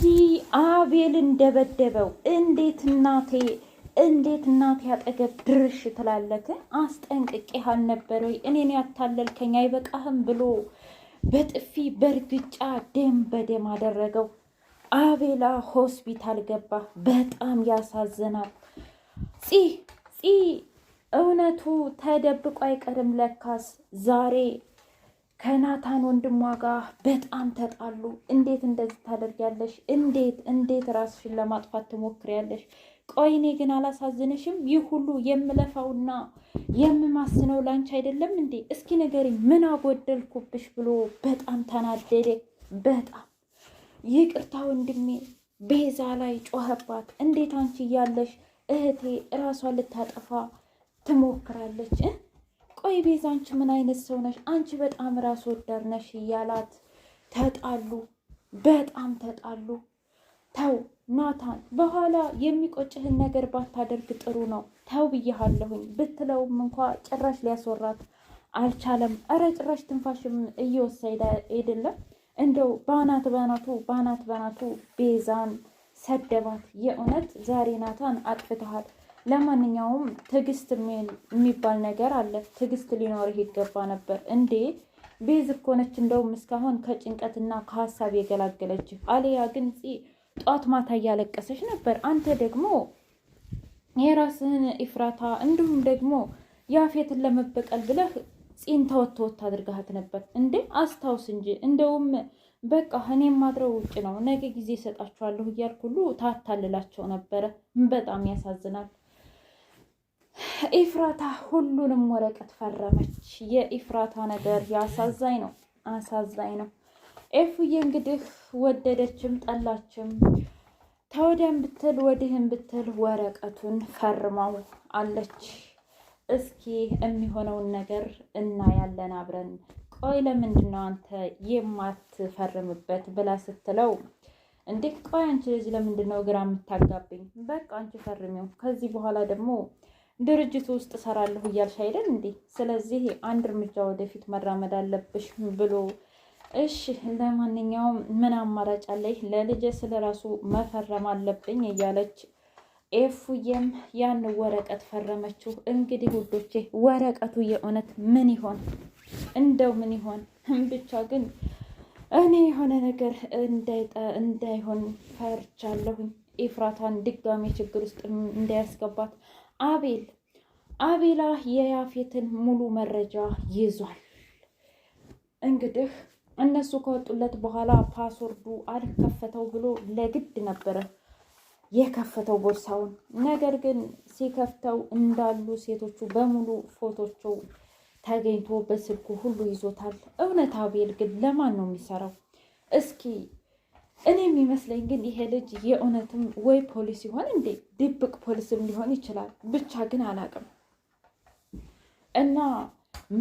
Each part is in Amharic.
ዳጊ አቤል እንደበደበው እንዴት እናቴ እንዴት እናቴ አጠገብ ድርሽ ትላለክ? አስጠንቅቄህ አልነበረ ወይ? እኔን ያታለልከኝ አይበቃህም ብሎ በጥፊ በእርግጫ ደም በደም አደረገው። አቤላ ሆስፒታል ገባ። በጣም ያሳዝናል። ፂ ፂ እውነቱ ተደብቆ አይቀርም ለካስ ዛሬ ከናታን ወንድሟ ጋር በጣም ተጣሉ። እንዴት እንደዚህ ታደርጊያለሽ? እንዴት እንዴት ራስሽን ለማጥፋት ትሞክሪያለሽ? ቆይ እኔ ግን አላሳዝንሽም? ይህ ሁሉ የምለፋውና የምማስነው ላንቺ አይደለም እንዴ? እስኪ ንገሪኝ፣ ምን አጎደልኩብሽ? ብሎ በጣም ተናደደ። በጣም ይቅርታ ወንድሜ፣ ቤዛ ላይ ጮኸባት። እንዴት አንቺ እያለሽ እህቴ እራሷን ልታጠፋ ትሞክራለች? ቆይ ቤዛ አንቺ ምን አይነት ሰው ነሽ? አንቺ በጣም ራስ ወዳድ ነሽ እያላት ተጣሉ። በጣም ተጣሉ። ተው ናታን፣ በኋላ የሚቆጭህን ነገር ባታደርግ ጥሩ ነው። ተው ብያሃለሁኝ ብትለውም እንኳ ጭራሽ ሊያስወራት አልቻለም። እረ ጭራሽ ትንፋሽም እየወሳ አይደለም። እንደው በአናት በናቱ በአናት በናቱ ቤዛን ሰደባት። የእውነት ዛሬ ናታን አጥፍተሃል። ለማንኛውም ትዕግስት የሚባል ነገር አለ። ትዕግስት ሊኖርህ ይገባ ነበር እንዴ! ቤዝ እኮ ነች እንደውም እስካሁን ከጭንቀትና ከሀሳብ የገላገለች። አሊያ ግን ጧት ማታ እያለቀሰች ነበር። አንተ ደግሞ የራስህን ኢፍራታ እንዲሁም ደግሞ ያፌትን ለመበቀል ብለህ ፂን ተወት ተወት አድርገሃት ነበር እንዴ! አስታውስ እንጂ እንደውም በቃ እኔ ማድረው ውጭ ነው ነገ ጊዜ እሰጣችኋለሁ እያልኩ ሁሉ ታታልላቸው ነበረ። በጣም ያሳዝናል። ኢፍራታ ሁሉንም ወረቀት ፈረመች። የኢፍራታ ነገር ያሳዛኝ ነው፣ አሳዛኝ ነው። ኤፉዬ እንግዲህ ወደደችም ጠላችም ተወደም ብትል ወዲህም ብትል ወረቀቱን ፈርማው አለች። እስኪ የሚሆነውን ነገር እናያለን አብረን። ቆይ ለምንድን ነው አንተ የማትፈርምበት ብላ ስትለው እንዴ ቆይ አንቺ ልጅ ለምንድን ነው ግራ የምታጋብኝ? በቃ አንቺ ፈርሚው። ከዚህ በኋላ ደግሞ ድርጅቱ ውስጥ እሰራለሁ እያልሽ አይደል እንዴ? ስለዚህ አንድ እርምጃ ወደፊት መራመድ አለብሽ ብሎ እሺ፣ ለማንኛውም ምን አማራጭ አለኝ? ለልጄ ስለ ራሱ መፈረም አለብኝ እያለች ኤፉዬም ያን ወረቀት ፈረመችው። እንግዲህ ውዶቼ ወረቀቱ የእውነት ምን ይሆን እንደው ምን ይሆን ብቻ ግን እኔ የሆነ ነገር እንዳይሆን ፈርቻለሁኝ። ኤፍራታን ድጋሜ ችግር ውስጥ እንዳያስገባት አቤል አቤላ የያፌትን ሙሉ መረጃ ይዟል። እንግዲህ እነሱ ከወጡለት በኋላ ፓስወርዱ አልከፈተው ብሎ ለግድ ነበረ የከፈተው ቦርሳውን። ነገር ግን ሲከፍተው እንዳሉ ሴቶቹ በሙሉ ፎቶቸው ተገኝቶ በስልኩ ሁሉ ይዞታል። እውነት አቤል ግን ለማን ነው የሚሰራው? እስኪ እኔ የሚመስለኝ ግን ይሄ ልጅ የእውነትም ወይ ፖሊስ ይሆን እንዴ? ድብቅ ፖሊስም ሊሆን ይችላል። ብቻ ግን አላቅም እና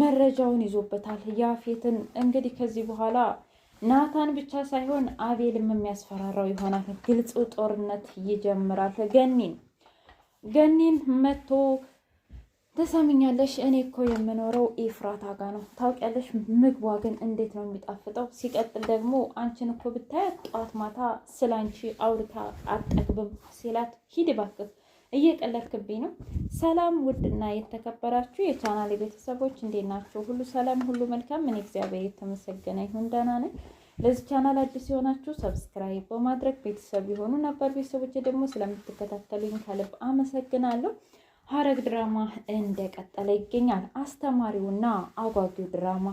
መረጃውን ይዞበታል ያፌትን። እንግዲህ ከዚህ በኋላ ናታን ብቻ ሳይሆን አቤልም የሚያስፈራራው ይሆናል። ግልጽ ጦርነት ይጀምራል። ገኒን ገኒን መቶ ተሰምኛለሽ እኔ እኮ የምኖረው ኤፍራታ ጋ ነው ታውቂያለሽ። ምግቧ ግን እንዴት ነው የሚጣፍጠው! ሲቀጥል ደግሞ አንቺን እኮ ብታያት ጠዋት ማታ ስለ አንቺ አውርታ አጠግብም ሲላት፣ ሂድ እባክህ እየቀለድክብኝ ነው። ሰላም ውድና የተከበራችሁ የቻናል ቤተሰቦች እንዴት ናቸው? ሁሉ ሰላም፣ ሁሉ መልካም። እኔ እግዚአብሔር የተመሰገነ ይሁን ደህና ነኝ። ለዚህ ቻናል አዲስ የሆናችሁ ሰብስክራይብ በማድረግ ቤተሰብ የሆኑ ነበር። ቤተሰቦች ደግሞ ስለምትከታተሉኝ ከልብ አመሰግናለሁ። ሐረግ ድራማ እንደቀጠለ ይገኛል። አስተማሪውና አጓጊው ድራማ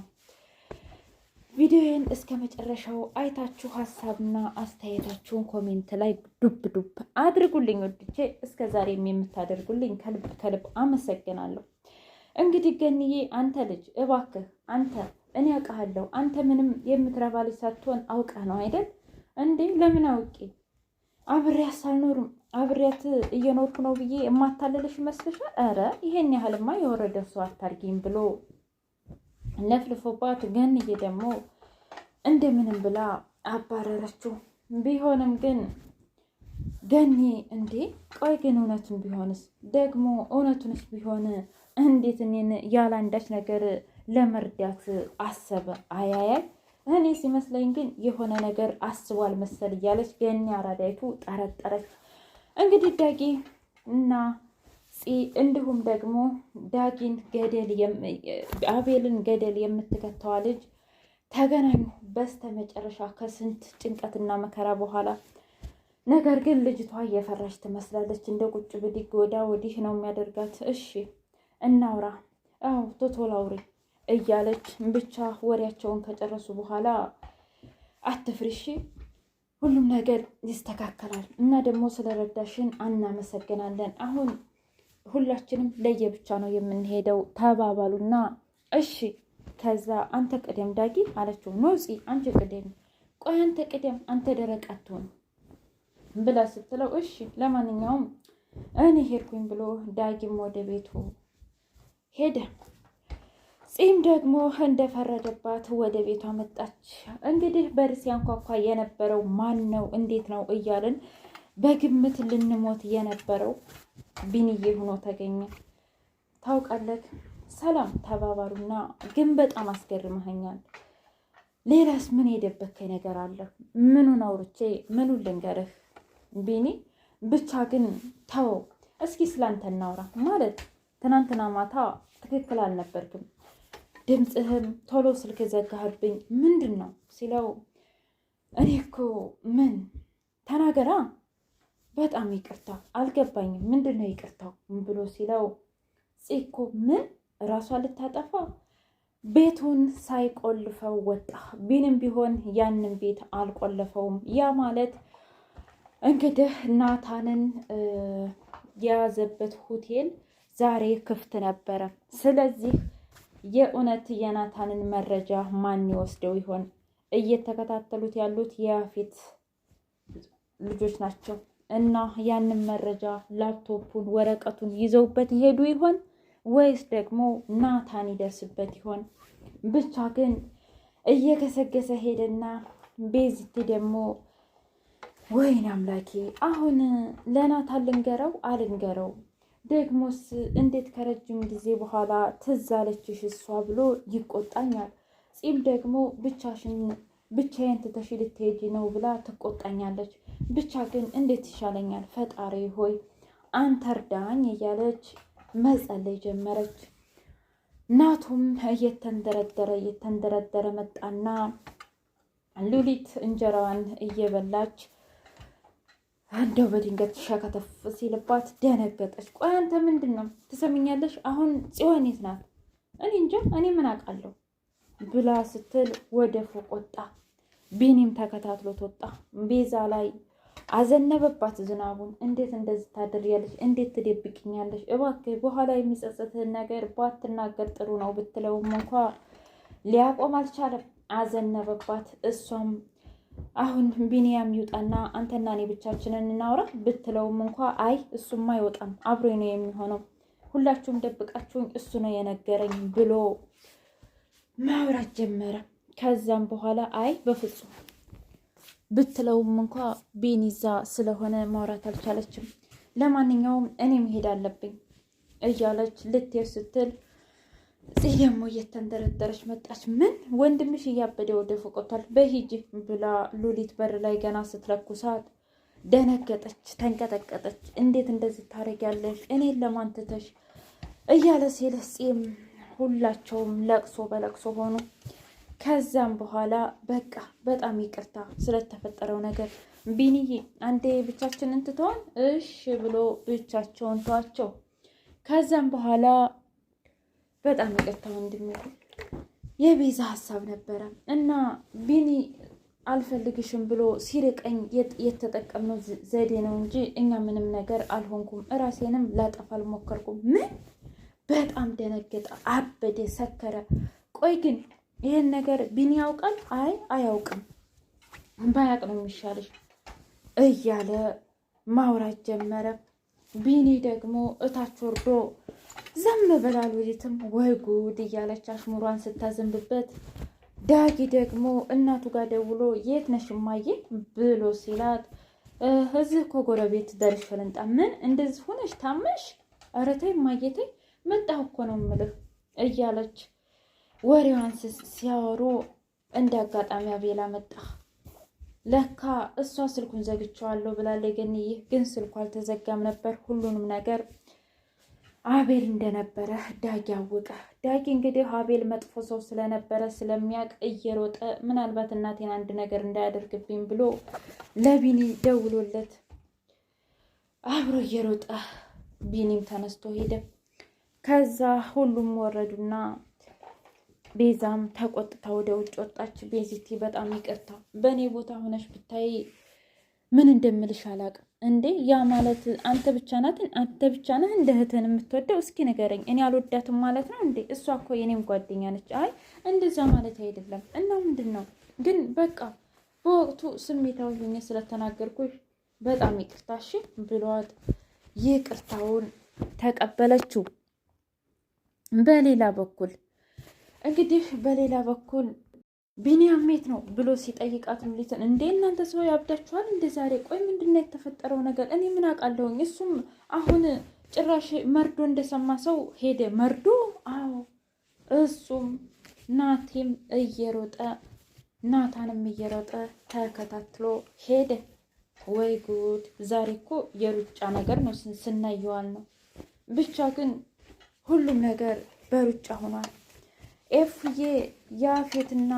ቪዲዮዬን እስከ መጨረሻው አይታችሁ ሀሳብና አስተያየታችሁን ኮሜንት ላይ ዱብ ዱብ አድርጉልኝ። ወድቼ እስከ ዛሬም የምታደርጉልኝ ከልብ ከልብ አመሰግናለሁ። እንግዲህ ገንዬ አንተ ልጅ እባክህ አንተ እኔ ያውቃሃለሁ አንተ ምንም የምትረባ ልጅ ሳትሆን አውቀህ ነው አይደል እንዴ? ለምን አውቄ አብሬ አሳልኖርም አብሬያት እየኖርኩ ነው ብዬ የማታለልሽ ይመስልሻል? ኧረ ይሄን ያህልማ የወረደ ሰው አታርጊም ብሎ ለፍልፎባት ገንዬ ደግሞ እንደምንም ብላ አባረረችው። ቢሆንም ግን ገኒ እንዴ ቆይ ግን እውነቱን ቢሆንስ ደግሞ እውነቱንስ ቢሆን እንዴት እኔን ያለ አንዳች ነገር ለመርዳት አሰበ? አያያይ እኔ ሲመስለኝ ግን የሆነ ነገር አስቧል መሰል እያለች ገኒ አራዳይቱ ጠረጠረች። እንግዲህ ዳጊ እና እንዲሁም ደግሞ ዳጊን ገደል አቤልን ገደል የምትከተዋ ልጅ ተገናኙ በስተመጨረሻ ከስንት ጭንቀትና መከራ በኋላ። ነገር ግን ልጅቷ እየፈራች ትመስላለች። እንደ ቁጭ ብድግ ወዳ ወዲህ ነው የሚያደርጋት። እሺ እናውራ፣ አዎ ቶቶላውሪ እያለች ብቻ ወሬያቸውን ከጨረሱ በኋላ አትፍሪሺ ሁሉም ነገር ይስተካከላል እና ደግሞ ስለረዳሽን እናመሰግናለን። አሁን ሁላችንም ለየብቻ ነው የምንሄደው ተባባሉና እሺ። ከዛ አንተ ቅደም ዳጊ አለችው። ኖፂ አንቺ ቅደም፣ ቆይ አንተ ቅደም፣ አንተ ደረቅ አትሆን ብላ ስትለው እሺ፣ ለማንኛውም እኔ ሄድኩኝ ብሎ ዳጊም ወደ ቤቱ ሄደ። ጺም ደግሞ እንደፈረደባት ወደ ቤቷ መጣች። እንግዲህ በር ሲያንኳኳ የነበረው ማን ነው እንዴት ነው እያልን በግምት ልንሞት የነበረው ቢንዬ ሆኖ ተገኘ። ታውቃለህ፣ ሰላም ተባባሉና ግን በጣም አስገርመኸኛል። ሌላስ ምን የደበከኝ ነገር አለ? ምኑን አውርቼ ምኑን ልንገርህ? ቢኒ ብቻ ግን ተወው፣ እስኪ ስላንተ እናውራ። ማለት ትናንትና ማታ ትክክል አልነበርክም ድምፅህም ቶሎ ስልክ ዘጋህብኝ ምንድን ነው ሲለው፣ እኔ እኮ ምን ተናገራ በጣም ይቅርታ አልገባኝም፣ ምንድን ነው ይቅርታው ብሎ ሲለው፣ ጽኮ ምን እራሷ ልታጠፋ ቤቱን ሳይቆልፈው ወጣ። ቢንም ቢሆን ያንን ቤት አልቆለፈውም። ያ ማለት እንግዲህ ናታንን የያዘበት ሆቴል ዛሬ ክፍት ነበረ። ስለዚህ የእውነት የናታንን መረጃ ማን ይወስደው ይሆን? እየተከታተሉት ያሉት የያፌት ልጆች ናቸው እና ያንን መረጃ ላፕቶፑን፣ ወረቀቱን ይዘውበት ይሄዱ ይሆን ወይስ ደግሞ ናታን ይደርስበት ይሆን? ብቻ ግን እየገሰገሰ ሄደና ቤዝቲ ደግሞ ወይን አምላኬ፣ አሁን ለናታን ልንገረው አልንገረው ደግሞስ እንዴት ከረጅም ጊዜ በኋላ ትዝ አለችሽ እሷ ብሎ ይቆጣኛል። ፂም ደግሞ ብቻሽን ብቻዬን ትተሽ ልትሄጂ ነው ብላ ትቆጣኛለች። ብቻ ግን እንዴት ይሻለኛል ፈጣሪ ሆይ አንተ እርዳኝ እያለች መጸለይ ጀመረች። ናቱም እየተንደረደረ እየተንደረደረ መጣና ሉሊት እንጀራዋን እየበላች አንደው በድንገት ሸከተፍ ሲልባት ደነገጠች። ቆይ አንተ ምንድን ነው ትሰምኛለሽ? አሁን ጽዮን የት ናት? እኔ እንጃ እኔ ምን አውቃለሁ ብላ ስትል ወደ ፎቅ ወጣ። ቢኒም ተከታትሎት ወጣ። ቤዛ ላይ አዘነበባት ዝናቡን። እንዴት እንደዚህ ታደርያለሽ? እንዴት ትደብቅኛለሽ? እባክህ በኋላ የሚጸጽትህን ነገር ባትናገር ጥሩ ነው ብትለውም እንኳ ሊያቆም አልቻለም። አዘነበባት እሷም አሁን ቢኒያም ይውጣና አንተና እኔ ብቻችንን እናውራ ብትለውም እንኳ አይ እሱማ አይወጣም አብሮ ነው የሚሆነው፣ ሁላችሁም ደብቃችሁኝ እሱ ነው የነገረኝ ብሎ ማውራት ጀመረ። ከዛም በኋላ አይ በፍጹም ብትለውም እንኳ ቢኒዛ ስለሆነ ማውራት አልቻለችም። ለማንኛውም እኔ መሄድ አለብኝ እያለች ልትሄድ ስትል እዚህ ደግሞ እየተንደረደረች መጣች። ምን ወንድምሽ እያበደ ወደ ፎቅ ወጥቷል፣ በሂጂ ብላ ሉሊት በር ላይ ገና ስትለኩሳት ደነገጠች፣ ተንቀጠቀጠች። እንዴት እንደዚህ ታደርጊያለሽ? እኔን ለማን ትተሽ እያለ ሴለስም ሁላቸውም ለቅሶ በለቅሶ ሆኑ። ከዛም በኋላ በቃ በጣም ይቅርታ ስለተፈጠረው ነገር ቢኒዬ፣ አንዴ ብቻችን ትተውን እሽ ብሎ ብቻቸውን ተዋቸው። ከዛም በኋላ በጣም ይቅርታ ወንድሜ፣ የቤዛ ሀሳብ ነበረ እና ቢኒ አልፈልግሽም ብሎ ሲርቀኝ የተጠቀምነው ዘዴ ነው እንጂ እኛ ምንም ነገር አልሆንኩም። እራሴንም ላጠፋ አልሞከርኩም። ምን በጣም ደነገጠ፣ አበደ፣ ሰከረ። ቆይ ግን ይህን ነገር ቢኒ ያውቃል? አይ አያውቅም፣ ባያቅ ነው የሚሻልሽ እያለ ማውራት ጀመረ። ቢኒ ደግሞ እታች ወርዶ ዝም ብላል። ውዲትም ወይ ጉድ እያለች አሽሙሯን ስታዘንብበት ዳጊ ደግሞ እናቱ ጋር ደውሎ የት ነሽ እማዬ ብሎ ሲላት እዚህ እኮ ጎረቤት ደርሼ ልምጣ። ምን እንደዚህ ሆነሽ ታመሽ? ኧረ ተይ እማዬ ተይ፣ መጣሁ እኮ ነው የምልህ እያለች ወሬዋን ሲያወሩ እንደ አጋጣሚ አቤላ መጣ። ለካ እሷ ስልኩን ዘግቼዋለሁ ብላለች ገንዬ። ግን ስልኩ አልተዘጋም ነበር። ሁሉንም ነገር አቤል እንደነበረ ዳጊ አወቀ። ዳጊ እንግዲህ አቤል መጥፎ ሰው ስለነበረ ስለሚያውቅ እየሮጠ ምናልባት እናቴን አንድ ነገር እንዳያደርግብኝ ብሎ ለቢኒ ደውሎለት አብሮ እየሮጠ ቢኒም ተነስቶ ሄደ። ከዛ ሁሉም ወረዱና ቤዛም ተቆጥታ ወደ ውጭ ወጣች። ቤዚቲ በጣም ይቅርታ፣ በእኔ ቦታ ሆነሽ ብታይ ምን እንደምልሽ አላቅም እንዴ ያ ማለት አንተ ብቻ ናትን? አንተ ብቻ ነህ እንደ እህትህን የምትወደው? እስኪ ንገረኝ። እኔ አልወዳትም ማለት ነው እንዴ? እሷ እኮ የኔም ጓደኛ ነች። አይ እንደዛ ማለት አይደለም። እና ምንድን ነው ግን በቃ በወቅቱ ስሜታዊ ሆኜ ስለተናገርኩሽ በጣም ይቅርታ እሺ ብሏት ይቅርታውን ተቀበለችው። በሌላ በኩል እንግዲህ በሌላ በኩል ቢኒያም የት ነው ብሎ ሲጠይቃት ሉሊትን እንዴ እናንተ ሰው ያብዳችኋል እንደ ዛሬ ቆይ ምንድነው የተፈጠረው ነገር እኔ ምን አውቃለሁኝ እሱም አሁን ጭራሽ መርዶ እንደሰማ ሰው ሄደ መርዶ አዎ እሱም ናቴም እየሮጠ ናታንም እየሮጠ ተከታትሎ ሄደ ወይ ጉድ ዛሬ እኮ የሩጫ ነገር ነው ስናየዋል ነው ብቻ ግን ሁሉም ነገር በሩጫ ሆኗል ኤፍዬ ያፌትና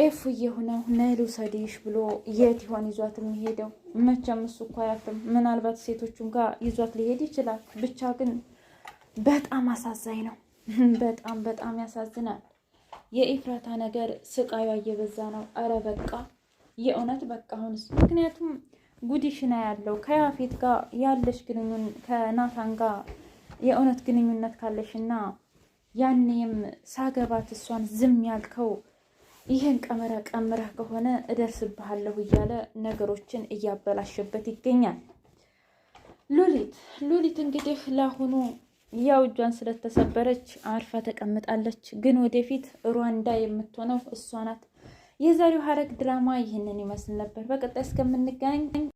ኤፉዬ እየሆነ ነሉ ሰዴሽ ብሎ የት ይሆን ይዟት የሚሄደው? መቼም እሱ እኮ አያፍርም። ምናልባት ሴቶቹም ጋር ይዟት ሊሄድ ይችላል። ብቻ ግን በጣም አሳዛኝ ነው። በጣም በጣም ያሳዝናል። የኢፍራታ ነገር ስቃዩ እየበዛ ነው። እረ በቃ የእውነት በቃ አሁንስ። ምክንያቱም ጉዲሽና ያለው ከያፌት ጋር ያለሽ ግንኙነት ከናታን ጋር የእውነት ግንኙነት ካለሽና ያኔም ሳገባት እሷን ዝም ያልከው ይህን ቀመረ ቀምረህ ከሆነ እደርስብሃለሁ እያለ ነገሮችን እያበላሸበት ይገኛል። ሉሊት ሉሊት እንግዲህ ለአሁኑ ያው እጇን ስለተሰበረች አርፋ ተቀምጣለች። ግን ወደፊት ሩዋንዳ የምትሆነው እሷ ናት። የዛሬው ሐረግ ድራማ ይህንን ይመስል ነበር። በቀጣይ እስከምንገናኝ